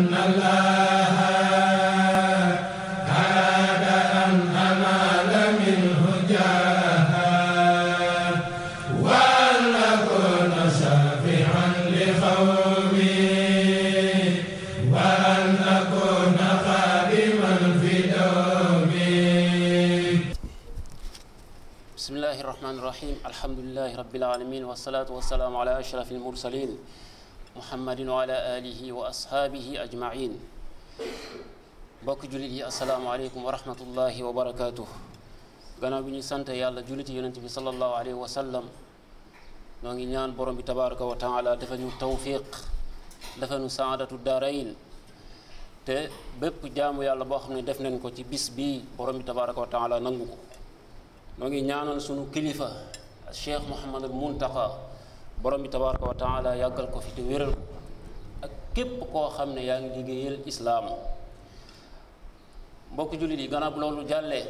bismillahi irrahmani irrahim alhamdulilahi rabilalamin wasalaatu wasalaamu ala ashraf almursalin muhammadin wa ala alihi wa ashaabihi ajmain mbokki jullit yi asalaamaaleykum wa rahmatullahi wa barakaatu. gannaaw bi ñu sant yàlla julliti yonent bi sallallahu alayhi wa sallam noo ngi ñaan borom bi tabaraka wa taala dafa ñu tawfiq dafa ñu saadatu daarayn te bépp jaamu yàlla boo xam ne def nañ ko ci bis bii borom bi tabaraka wa taala nangu ko noo ngi ñaanal sunu kilifa cheikh Mouhamadul Muntaqa borom bi tabaraka wa taala yàggal ko fi te wéral ko ak képp koo xam ne yaa ngi liggéeyal islaam mbokk jullit yi gannaaw bu loolu jàllee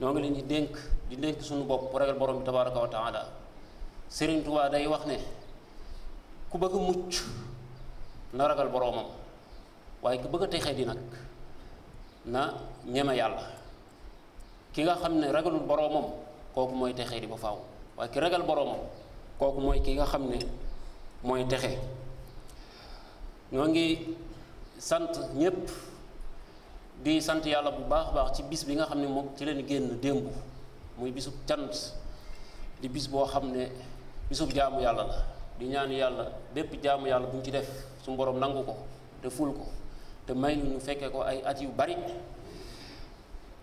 ñoo ngi leen di dénk di dénk suñu bopp bu ragal borom bi tabaraka wa taala Sëriñ Tuubaa day wax ne ku bëgg mucc na ragal boroomam waaye ki bëgg a texe di nag na ñeme yàlla ki nga xam ne ragalul boroomam kooku mooy texe di ba faaw waaye ki ragal boroomam kooku mooy ki nga xam ne mooy texe ñoo ngi sant ñépp di sant yàlla bu baax baax ci bis bi nga xam ne moom ci leen génn démb muy bisub cant di bis boo xam ne bisub jaamu yàlla la di ñaan yàlla bépp jaamu yàlla bu ñu ci def suñu boroom nangu ko te ful ko te may ñu fekkee ko ay at yu bari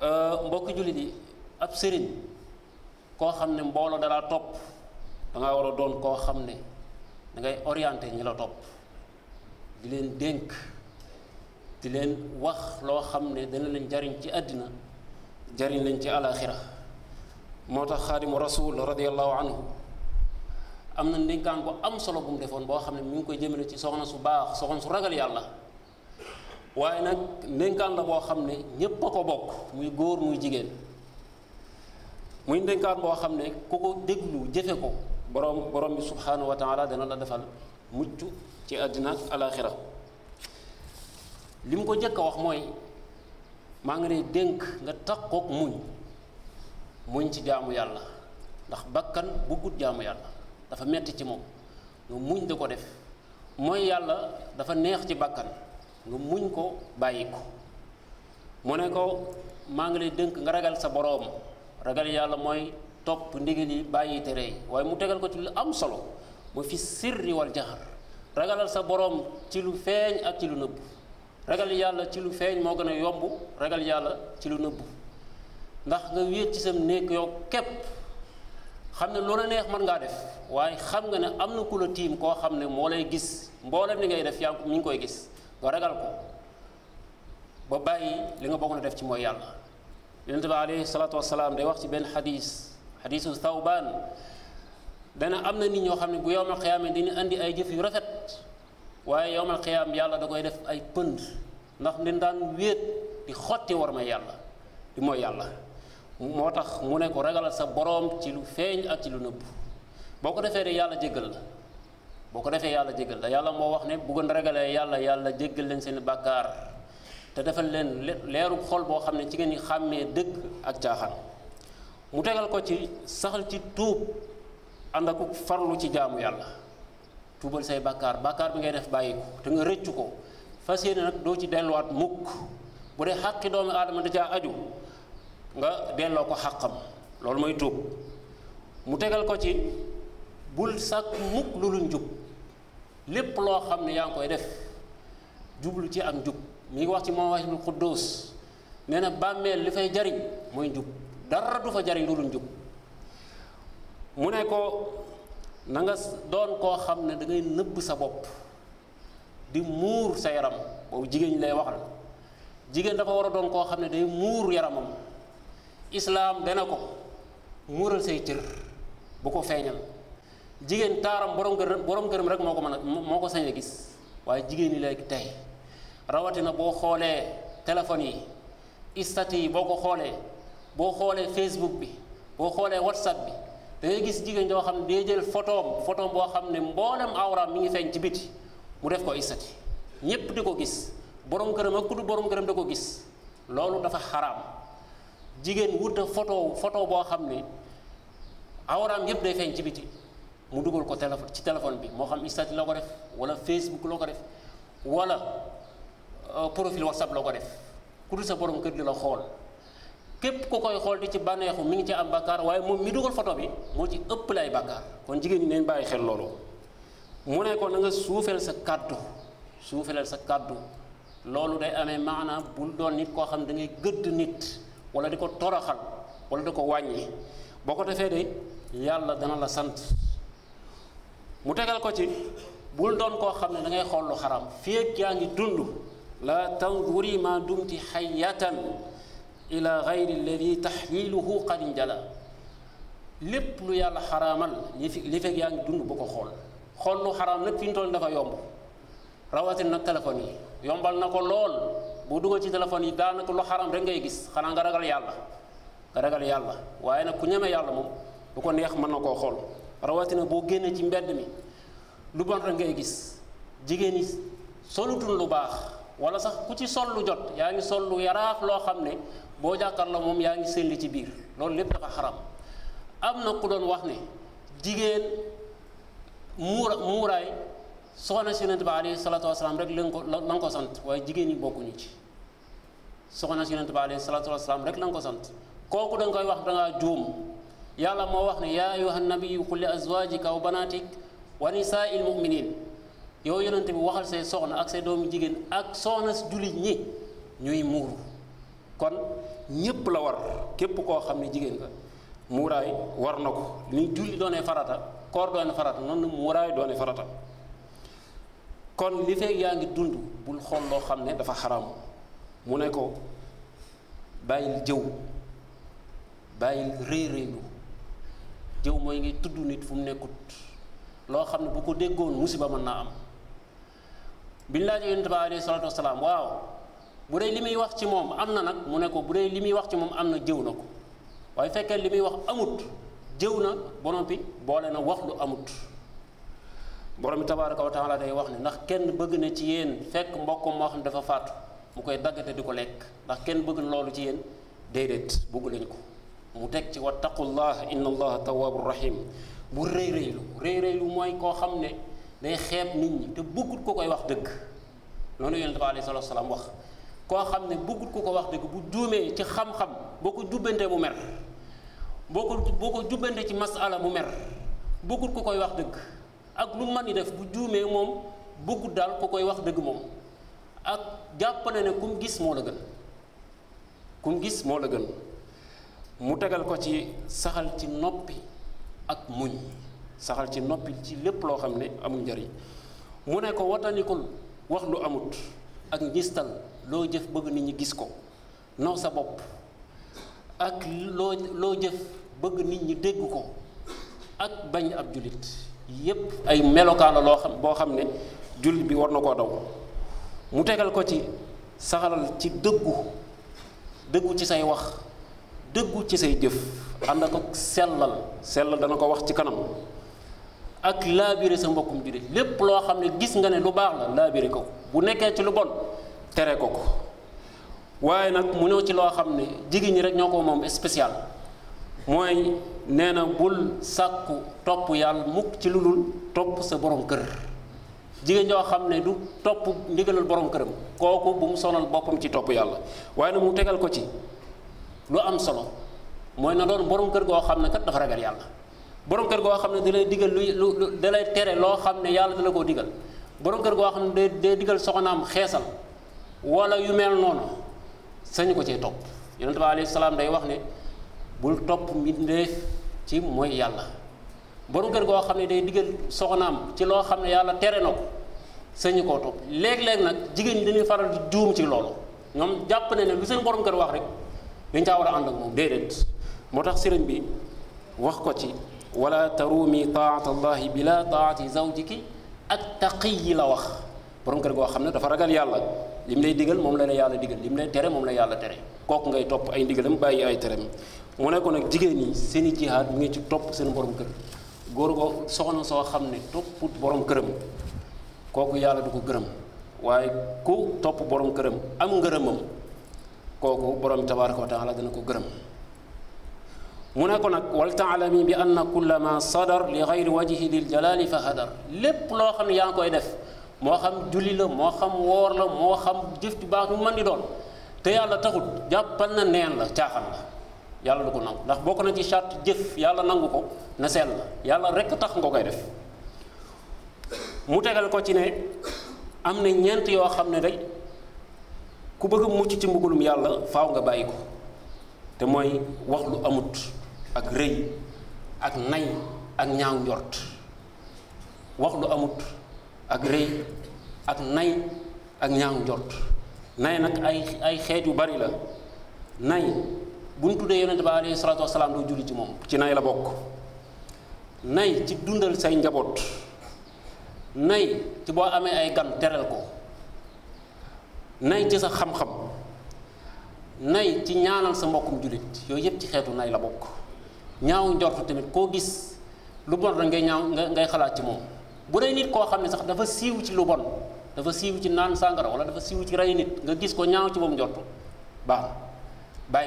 euh, mbokki jullit yi ab sëriñ koo xam ne mbooloo dalaa topp da ngaa war a doon koo xam ne da ngay orienté ñi la topp di leen dénk di leen wax loo xam ne dana leen jariñ ci àddina jariñ leen ci alaxira moo tax xaadimu rasul radiallahu anhu am na ndénkaan bu am solo bu mu defoon boo xam ne mu ngi koy jëmale ci soxna su baax soxna su ragal yàlla waaye nag ndénkaan la boo xam ne ñépp ko bokk muy góor muy jigéen muy ndénkaan boo xam ne ku ko déglu jëfe ko borom borom bi subhaanahu wa taala dana la defal mucc ci àddina ak alaaxira li mu ko njëkk a wax mooy maa ngi lay dénk nga takkook muñ muñ ci jaamu yàlla ndax bakkan ut jaamu yàlla dafa metti ci moom nga muñ da ko def mooy yàlla dafa neex ci bàkkan nga muñ ko bàyyi ko mu ne ko maa ngi lay dënk nga ragal sa boroom ragal yàlla mooy topp ndigal yi bàyyi tere yi waaye mu tegal ko ci lu am solo mu fi sirri wal jaxar ragalal sa borom ci lu feeñ ak ci lu nëbb ragal yàlla ci lu feeñ moo gën a yomb ragal yàlla ci lu nëbbu ndax nga wéet ci sam néeg yow képp xam ne loola neex mën ngaa def waaye xam nga ne am na ku la tiim koo xam ne moo lay gis mboolem li ngay def yaa mu ngi koy gis nga ragal ko ba bàyyi li nga bokk na def ci mooy yàlla yonent bi aleyhi salaatu wasalaam day wax ci benn xadiis xadiisu Sawbaan dana am na nit ñoo xam ne bu yowmal xiyaam dina indi ay jëf yu rafet waaye yowmal xiyaam yàlla da koy def ay pënd ndax dañ daan wéet di xotti war ma yàlla di mooy yàlla moo tax mu ne ko ragalal sa boroom ci lu feeñ ak ci lu nëbb boo ko defee de yàlla jéggal la boo ko defee yàlla jéggal la yàlla moo wax ne bu gën ragalee yàlla yàlla jéggal leen seen bàkkaar te defal leen leeru xol boo xam ne ci ngeen di xàmmee dëgg ak caaxaan mu tegal ko ci saxal ci tuub ànd ak farlu ci jaamu yàlla tuubal say bàkkaar bàkkaar bi ngay def bàyyi ko te nga rëccu ko fas yéene nag doo ci delluwaat mukk bu dee xàqi doomu aadama da caa aju nga delloo ko xàqam loolu mooy tuub mu tegal ko ci bul sàkk mukk lu lu njub lépp loo xam ne yaa ngi koy def jublu ci am njub mi wax ci moom wax ibul quddus nee na bàmmeel li fay jariñ mooy njub dara du fa jariñ lu dul njub mu ne ko nanga doon koo xam ne dangay ngay nëbb sa bopp di muur sa yaram boobu jigéen ñi lay wax la jigéen dafa war a doon koo xam ne day muur yaramam islaam dana ko muural say cër bu ko feeñal jigéen taaram borom gërëm borom gërëm rek moo ko mën a moo ko sañ a gis waaye jigéen ñi léegi tey rawatina boo xoolee téléphone yi istat yi boo ko xoolee boo xoolee Facebook bi boo xoolee WhatsApp bi da gis jigéen joo xam ne day jël photoom photoom boo xam ne mboolem awraam mi ngi feeñ ci biti mu def ko istati ñépp di ko gis borom këram ak ku borom këram da ko gis loolu dafa xaraam jigéen wuta photo photo boo xam ne awraam yépp day feeñ ci biti mu dugal ko téléphone ci téléphone bi moo xam istati la ko def wala Facebook la ko def wala euh, profil WhatsApp la ko def ku sa borom kër di la xool képp ku koy xool di ci bànneexu mi ngi ci am bàkkaar waaye moom mi dugal foto bi moo ci ëpp lay bàkkaar kon jigéen ñi nañ bàyyi xel loolu mu ne ko nanga nga suufeel sa kàddu suufeleel sa kàddu loolu day amee maanaam bul doon nit koo xam ne da ngay gëdd nit wala di ko toroxal wala di ko wàññi boo ko defee de yàlla dana la sant mu tegal ko ci bul doon koo xam ne dangay ngay xool lu xaram fii ak yaa ngi dund la tanzuri ma dumti xayatan ila gayri alladi taxmiluhu qad jala lépp lu yàlla xaraamal li fi li fekk yaa ngi dund bu ko xool xool lu xaraam nag fi ñu toll dafa yomb rawatin nag téléphone yi yombal na ko lool boo dugal ci téléphone yi daal daanaka lu xaram rek ngay gis xanaa nga ragal yàlla nga ragal yàlla waaye nag ku ñeme yàlla moom lu ko neex mën na koo xool rawatina boo génnee ci mbedd mi lu bon rek ngay gis jigéen yi solutun lu baax wala sax ku ci sol lu jot yaa ngi sol lu yaraax loo xam ne boo jàkkaarloo moom yaa ngi selli ci biir loolu lépp dafa xaram am na ku doon wax ne jigéen muura muuraay soxna si yonent bi alayhi rek lañ ko lañ ko sant waaye jigéen ñi bokkuñu ci soxna si yonent bi alayhi rek lañ ko sant kooku danga koy wax dangaa juum yàlla moo wax ne yaa ayyuhan nabiyyu qul li azwaajika wa banaatik wa nisaa'il mu'miniin yow yonent bi waxal say soxna ak say doomu jigéen ak soxna si jullit ñi ñuy muuru kon ñépp la war képp koo xam ne jigéen la muuraay war na ko ni julli doonee farata koor doone farata noonu muuraay doone farata kon li fekk yaa ngi dund bul xool loo xam ne dafa xaramu mu ne ko bàyyil jëw bàyyil réeréelu jëw mooy ngay tudd nit fu mu nekkut loo xam ne bu ko déggoon musiba mën naa am biñ laajee yonent ba alayhi salaatu waaw bu dee li muy wax ci moom am na nag mu ne ko bu dee li muy wax ci moom am na jëw na ko waaye fekkee li muy wax amut jëw na ba noppi boole na wax lu amut borom bi tabaaraka wa day wax ne ndax kenn bëgg na ci yéen fekk mbokkam moo xam ne dafa faatu mu koy daggate di ko lekk ndax kenn bëgg na loolu ci yéen déedéet bëgg lañ ko mu teg ci wattaqullah inna allaha tawaabu rahim bu rëy rëylu rëy rëylu mooy koo xam ne day xeeb nit ñi te bëggut ko koy wax dëkk loolu yonent bi alayhi salaam wax koo xam ne bëggut ku ko wax dëgg bu juumee ci xam-xam boo ko jubbantee mu mer boo ko boo ko jubbantee ci masala mu mer bëggut ku koy wax dëgg ak lu mën di def bu juumee moom bëggut daal ku koy wax dëgg moom ak jàppale na ne kum gis moo la gën kum gis moo la gën mu tegal ko ci saxal ci noppi ak muñ saxal ci noppi ci lépp loo xam ne amul njariñ mu ne ko watanikul wax lu amut ak ngistal loo jëf bëgg nit ñi gis ko naw sa bopp ak loo loo jëf bëgg nit ñi dégg ko ak bañ ab jullit yépp ay melokaan la loo xam boo xam ne jullit bi war na koo daw mu tegal ko ci saxalal ci dëggu dëggu ci say wax dëggu ci say jëf ànd ak sellal sellal dana ko wax ci kanam ak laabire sa mbokkum jullit lépp loo xam ne gis nga ne lu baax la laabire ko bu nekkee ci lu bon tere ko ko waaye nag mu ñëw ci loo xam ne jigéen ñi rek ñoo ko moom spécial mooy nee na bul sàkku topp yàlla mukk ci lu dul topp sa borom kër jigéen joo xam ne du topp ndigalal borom këram kooku bu mu sonal ci topp yàlla waaye nag mu tegal ko ci lu am solo mooy na doon borom kër goo xam ne kat dafa ragal yàlla borom kër goo xam ne da lay digal luy lu da tere loo xam ne yàlla da la koo digal borom kër goo xam ne day digal soxnaam xeesal wala yu mel noonu sañu ko cee topp yonent bi alayhi salaam day wax ne bul topp mbindeef ci mooy yàlla borom kër goo xam ne day diggal soxnaam ci loo xam ne yàlla tere na ko sañu koo topp léeg-léeg nag jigéen ñi dañuy faral di juum ci loolu ñoom jàpp na ne lu seen borom kër wax rek dañ caa war a ànd ak moom déedéet moo tax sëriñ bi wax ko ci wala taruumi taat allahi bila taati zawjiki ak taqiyi la wax borom kër goo xam ne dafa ragal yàlla li mu lay digal moom la la yàlla digal li mu lay tere moom la yàlla tere kooku ngay topp ay ndigalam bàyyi ay tereem mu ne ko nag jigéen ñi seen i jihaad mu ngi ci topp seen borom kër góor goo soxna soo xam ne topput borom këram kooku yàlla du ko gërëm waaye ku topp borom këram am ngërëmam kooku borom tabaaraka wa taala dana ko gërëm mu ne ko nag wal taalami bi anna kulla ma sadar li xayri wajhi lil jalaali fa hadar lépp loo xam ne yaa koy def moo xam julli la moo xam woor la moo xam jëf ju baax ñu mën di doon te yàlla taxul jàppal na neen la caaxaan la yàlla du ko nangu ndax bokk na ci charte jëf yàlla nangu ko na sell la yàlla rekk tax nga koy def mu tegal ko ci ne am na ñeent yoo xam ne rek ku bëgg mucc ci mbugulum yàlla faw nga bàyyi ko te mooy wax lu amut ak rëy ak nay ak ñaaw njort wax lu amut ak rëy ak nay ak ñaaw njort nay nag ay ay xeet yu bari la nay bu ñu tuddee yonent ba alayhi salaatu wasalaam doo ci moom ci nay la bokk nay ci dundal say njaboot nay ci boo amee ay gan teral ko nay ci sa xam-xam nay ci ñaanal sa mbokkum jullit yooyu yëpp ci xeetu nay la bokk ñaaw njort tamit koo gis lu bon rek ngay ñaaw ngay xalaat ci moom bu dee nit koo xam ne sax dafa siiw ci lu bon dafa siiw ci naan sàngara wala dafa siiw ci rey nit nga gis ko ñaaw ci moom njortu baax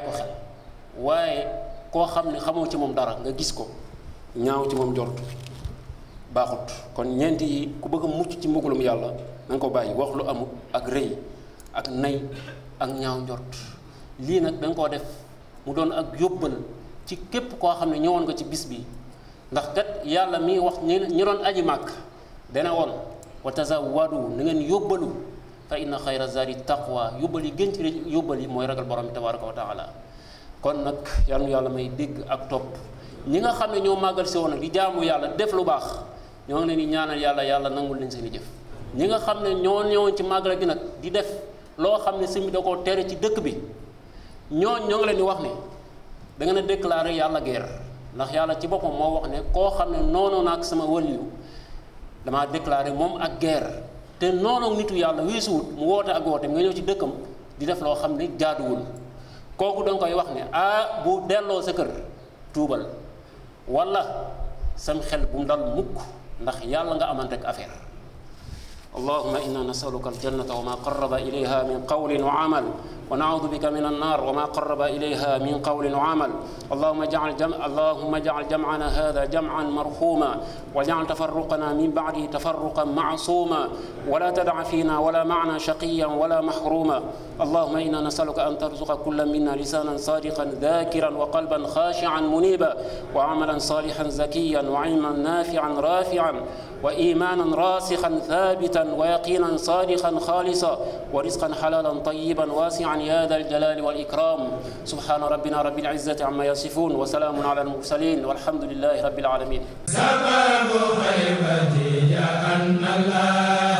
ko waaye koo xam ne xamoo ci moom dara nga gis ko ñaaw ci moom njortu baaxut kon ñeent yi ku bëgg mucc ci mbugalum yàlla na ko bàyyi wax lu amul ak rëy ak nay ak ñaaw njort lii nag da nga koo def mu doon ak yóbbal ci képp koo xam ne ñëwoon nga ci bis bi ndax kat yàlla mi wax ñi doon aji màkk dana woon wa tazawwadu na ngeen yóbbalu fa na xayra zaadi taqwa yóbbal yi gën ci yóbbal yi mooy ragal borom bi tabaraka wa taala kon nag yal yàlla may dégg ak topp ñi nga xam ne ñoo màggal si woon nag di jaamu yàlla def lu baax ñoo ngi leen di ñaanal yàlla yàlla nangul leen seen i jëf ñi nga xam ne ñoo ñëwoon ci màggal gi nag di def loo xam ne sëñ bi da koo tere ci dëkk bi ñoo ñoo ngi leen di wax ne dangeen ngeen a yàlla guerre ndax yàlla ci boppam moo wax ne koo xam ne noonu naag sama wëliyu damaa déclaré moom ak guerre te noonu nitu yàlla weesuwut mu woote ak woote nga ñëw ci dëkkam di def loo xam ne jaaduwul kooku danga koy wax ne ah bu delloo sa kër tuubal walla sam xel bu mu dal mukk ndax yàlla nga amal rek affaire allahuma inna nasaluka aljannata wa ma qaraba ilayha min qawlin wa amal ونعوذ بك من النار وما قرب إليها من قول وعمل اللهم اجعل جمع اللهم اجعل جمعنا هذا جمعا مرحوما واجعل تفرقنا من بعده تفرقا معصوما ولا تدع فينا ولا معنا شقيا ولا محروما اللهم إنا نسألك أن ترزق كل منا لسانا صادقا ذاكرا وقلبا خاشعا منيبا وعملا صالحا زكيا وعلما نافعا رافعا وإيمانا راسخا ثابتا ويقينا صادقا خالصا ورزقا حلالا طيبا واسعا يا ذا الجلال والإكرام سبحان ربنا رب العزة عما يصفون وسلام على المرسلين والحمد لله رب العالمين سبب خيبتي يا أن الله